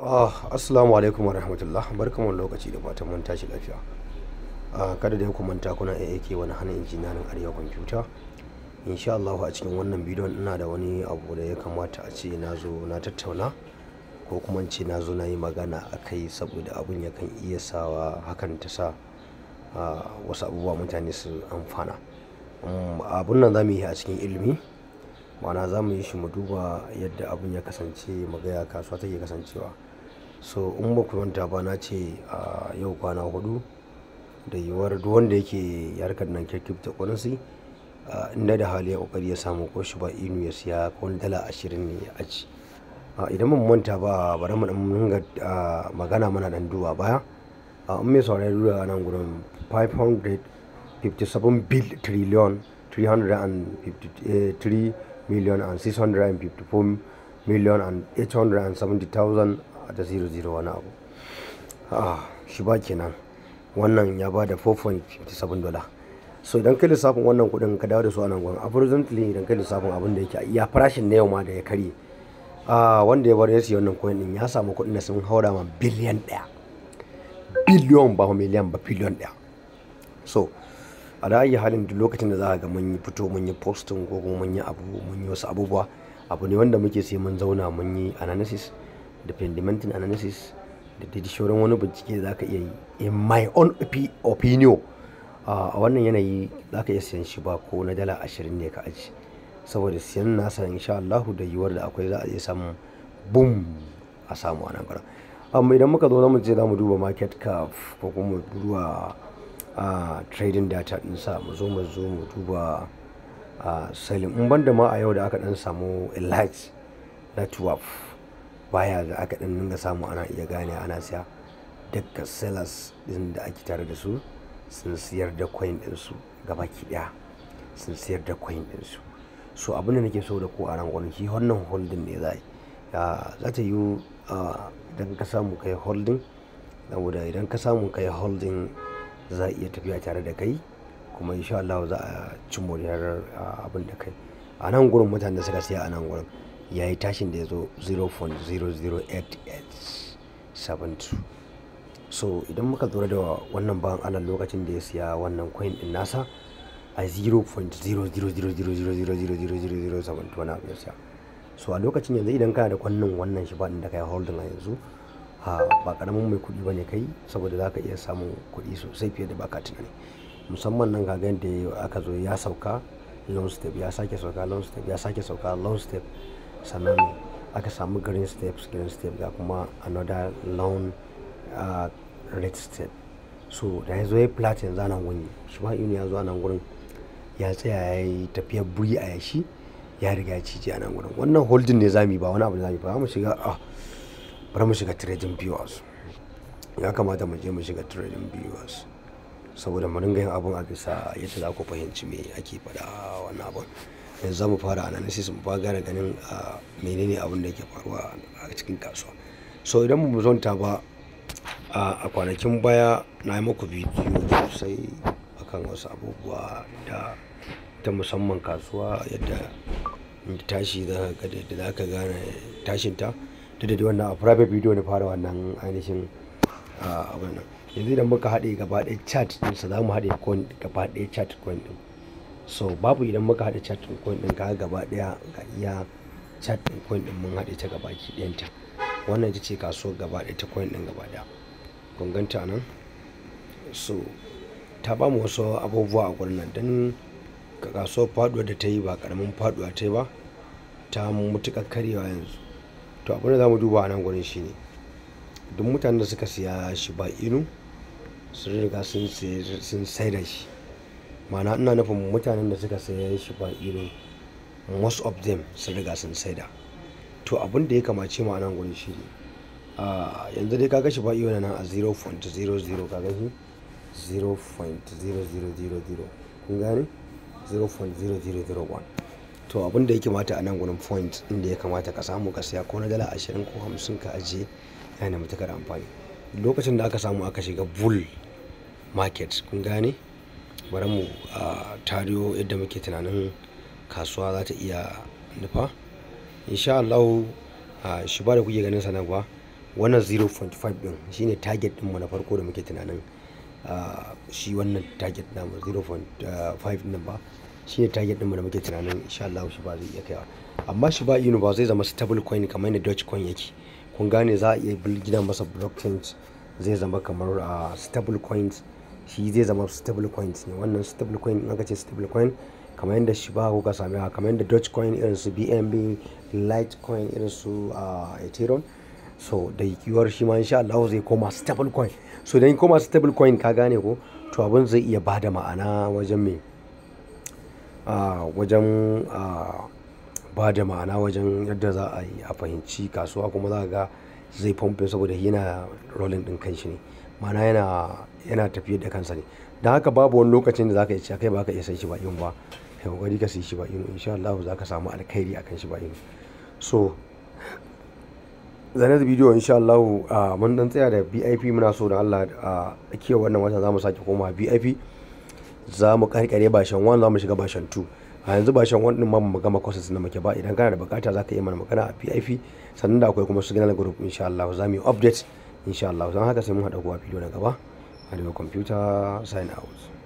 Ah, assalamu alaikum wa rahmatullah barkan wani lokaci da fatan mun tashi lafiya ah, kada da ku manta kuna aiki wani hannun injiniyarin arewa kwamfuta insha Allah a cikin wannan bidiyon ina da wani abu da ya kamata a ce na zo na tattauna ko kuma ce na zo na yi magana a kai saboda abun ya kan iya sawa hakan ta sa ah, wasu abubuwa mutane su amfana um, abun nan za mu yi a cikin ilimi mana za mu yi shi mu duba yadda abun ya kasance mu gaya kasuwa take kasancewa so in ba ku manta ba na ce a yau kwana hudu da yiwuwar duk wanda yake yarkar nan ta kwanasi inda da hali ya kokari ya samu ko shi ba inu ya siya ko dala ashirin ne ya aji idan mun manta ba bari mu dan magana mana dan duwa baya in mai saurari a nan gurin 557 bil trillion 353 eh, million and 654 million and 870,000 da 00 wani abu ah, shi ba kenan wannan ya ba da 4.7 dola so idan kai lissafin wannan kudin ka dawo da su a nan gwan approximately idan kai lissafin abin da yake ya farashin na yau ma da ya karye ah, wanda ya bar ya siya wannan coin din ya samu kudin da sun haura ma biliyan daya biliyon ba miliyan ba biliyon daya so a ra'ayi halin duk lokacin da za ga mun yi fito mun yi posting ko kuma mun yi abu mun yi wasu abubuwa abu ne wanda muke sai mun zauna mun yi analysis da fundamental analysis da da shauran wani bincike za ka iya yi in my own opinion ah, a wannan yanayi za ka iya siyan shi ba ko na dala ashirin ne ka aji saboda siyan nasa insha Allah da yiwuwar da akwai za a iya samu boom a samu a nan amma idan muka zo mu je za mu duba market cap ko kuma duba a ah, trading data din sa mu zo mu zo mu duba a ah, selling in banda ma a yau da aka dan samu elite na 12 baya da aka ɗin dinga samu ana iya gane ana siya dukkan sellers ɗin da ake tare da su sun siyar da coin ɗinsu gaba ki ɗaya sun siyar da coin ɗinsu so abin da nake so da ko a ran shi wannan holding ne za za ta yi idan ka samu kai holding saboda idan ka samu kai holding za a iya tafiya tare da kai kuma insha Allah za a ci moriyar abin da kai a nan gurin mutane suka siya a nan gurin ya yi tashin da ya zo 0.00872 so idan muka lura da wannan ban allah lokacin da ya siya wannan coin din nasa a 0.000000000 na abin siya so a lokacin yanzu idan kana da kwannin wannan shi faɗin da kai holding a yanzu ba karamin mai kuɗi ba ne kai saboda za ka iya samun kuɗi sosai fiye da baka tunani musamman nan ga yadda aka zo ya sauka long step ya sake sauka long step ya sake sauka long step sannan aka samu green steps green steps da kuma another long uh, red step so da ya zo ya flat yanzu nan wani shi ma ya zo nan gurin ya tsaya ya yi tafiyar buri a yashi ya riga ya cije a nan wannan holding ne zami ba wani abu ne zami ba mu shiga a ah, bari mu shiga trading viewers ya kamata mu je mu shiga trading viewers saboda mu ringa yin abun a bisa yadda za ku fahimci me ake faɗa wannan abun yanzu za mu fara analysis mu fara ganin menene abin da yake faruwa a cikin kasuwa so idan mu zonta ba a kwanakin baya na yi muku bidiyo sosai akan wasu abubuwa da ta musamman kasuwa yadda tashi za ka da za ka gane tashin ta da da wannan a private video ne fara wannan ainihin abin nan yanzu idan muka haɗe gaba ɗaya chat ɗinsa za mu haɗe gaba ɗaya chat coin ɗin so babu idan muka hada chat ɗin coin ɗin kaga gaba ɗaya ga iya chat ɗin coin ɗin mun haɗe ta gaba ki ɗayanta wannan ita ce kasuwar gaba ɗaya ta coin ɗin gaba ɗaya kun ganta nan so ta ba mu wasu abubuwa a gurin nan don kasuwar faduwa da ta yi ba karamin faduwa ta yi ba ta mutuƙar karewa yanzu to abin da za mu duba a nan gurin shine duk mutanen da suka siya shi ba inu sun riga sun sai da shi Mana ina nufin mutanen da suka saye shi ba irin most of them sun riga sun saida to abin da ya kamace ma nan gurin shi ne yanzu dai kaga shi ba iyo nan a 0.00 kaga shi 0.0000 kun gane 0.0001 to abin da ya kamata a nan gurin point inda ya kamata ka samu ka siya ko na dala 20 ko 50 ka ajiye yana da matukar amfani lokacin da aka samu aka shiga bull market kun gane bari mu tariyo yadda muke tunanin kasuwa za ta iya nufa insha Allah shi ba da kuke ganin sanarwa wannan 0.5 din shine target din mu na farko da muke tunanin shi wannan target na 0.5 din ba shine target din mu da muke tunanin insha Allah shi ba zai iya kaiwa amma shi ba inu ba zai zama stable coin kamar yadda Doge coin yake kun gane za a iya gina masa blockchain zai zama kamar stable coins shi zai zama stable coin ne wannan stable coin in aka ce stable coin kamar yadda shi ba kuka sami ha kamar yadda doge coin irin su bnb coin irin su ah, ethereum so da yiwuwar shi ma insha Allah zai koma stable coin so da koma stable coin ka gane ko to abin zai iya bada ma'ana wajen me ah, wajen ah, ba da ma'ana wajen yadda za a yi a fahimci kasuwa kuma za ga zai pompe saboda yana rolling din kanshi ne mana yana yana da kansa ne da haka babu wani lokacin da zaka iya kai baka iya san shi ba in ba kai kokari ka sai shi ba in insha Allah zaka samu alkhairi akan shi ba in so zane da bidiyo insha Allah mun dan tsaya da VIP muna so da Allah a kiyo wannan wata zamu sake koma VIP za mu karkare bashan 1 za mu shiga bashan 2 a yanzu ba shan din ma gama courses na muke ba idan kana da bukata za ka iya mana magana a pif sannan da akwai kuma signal group insha Allah za mu yi update insha Allah don haka sai mun haɗa kuwa video na gaba a daga computer sign out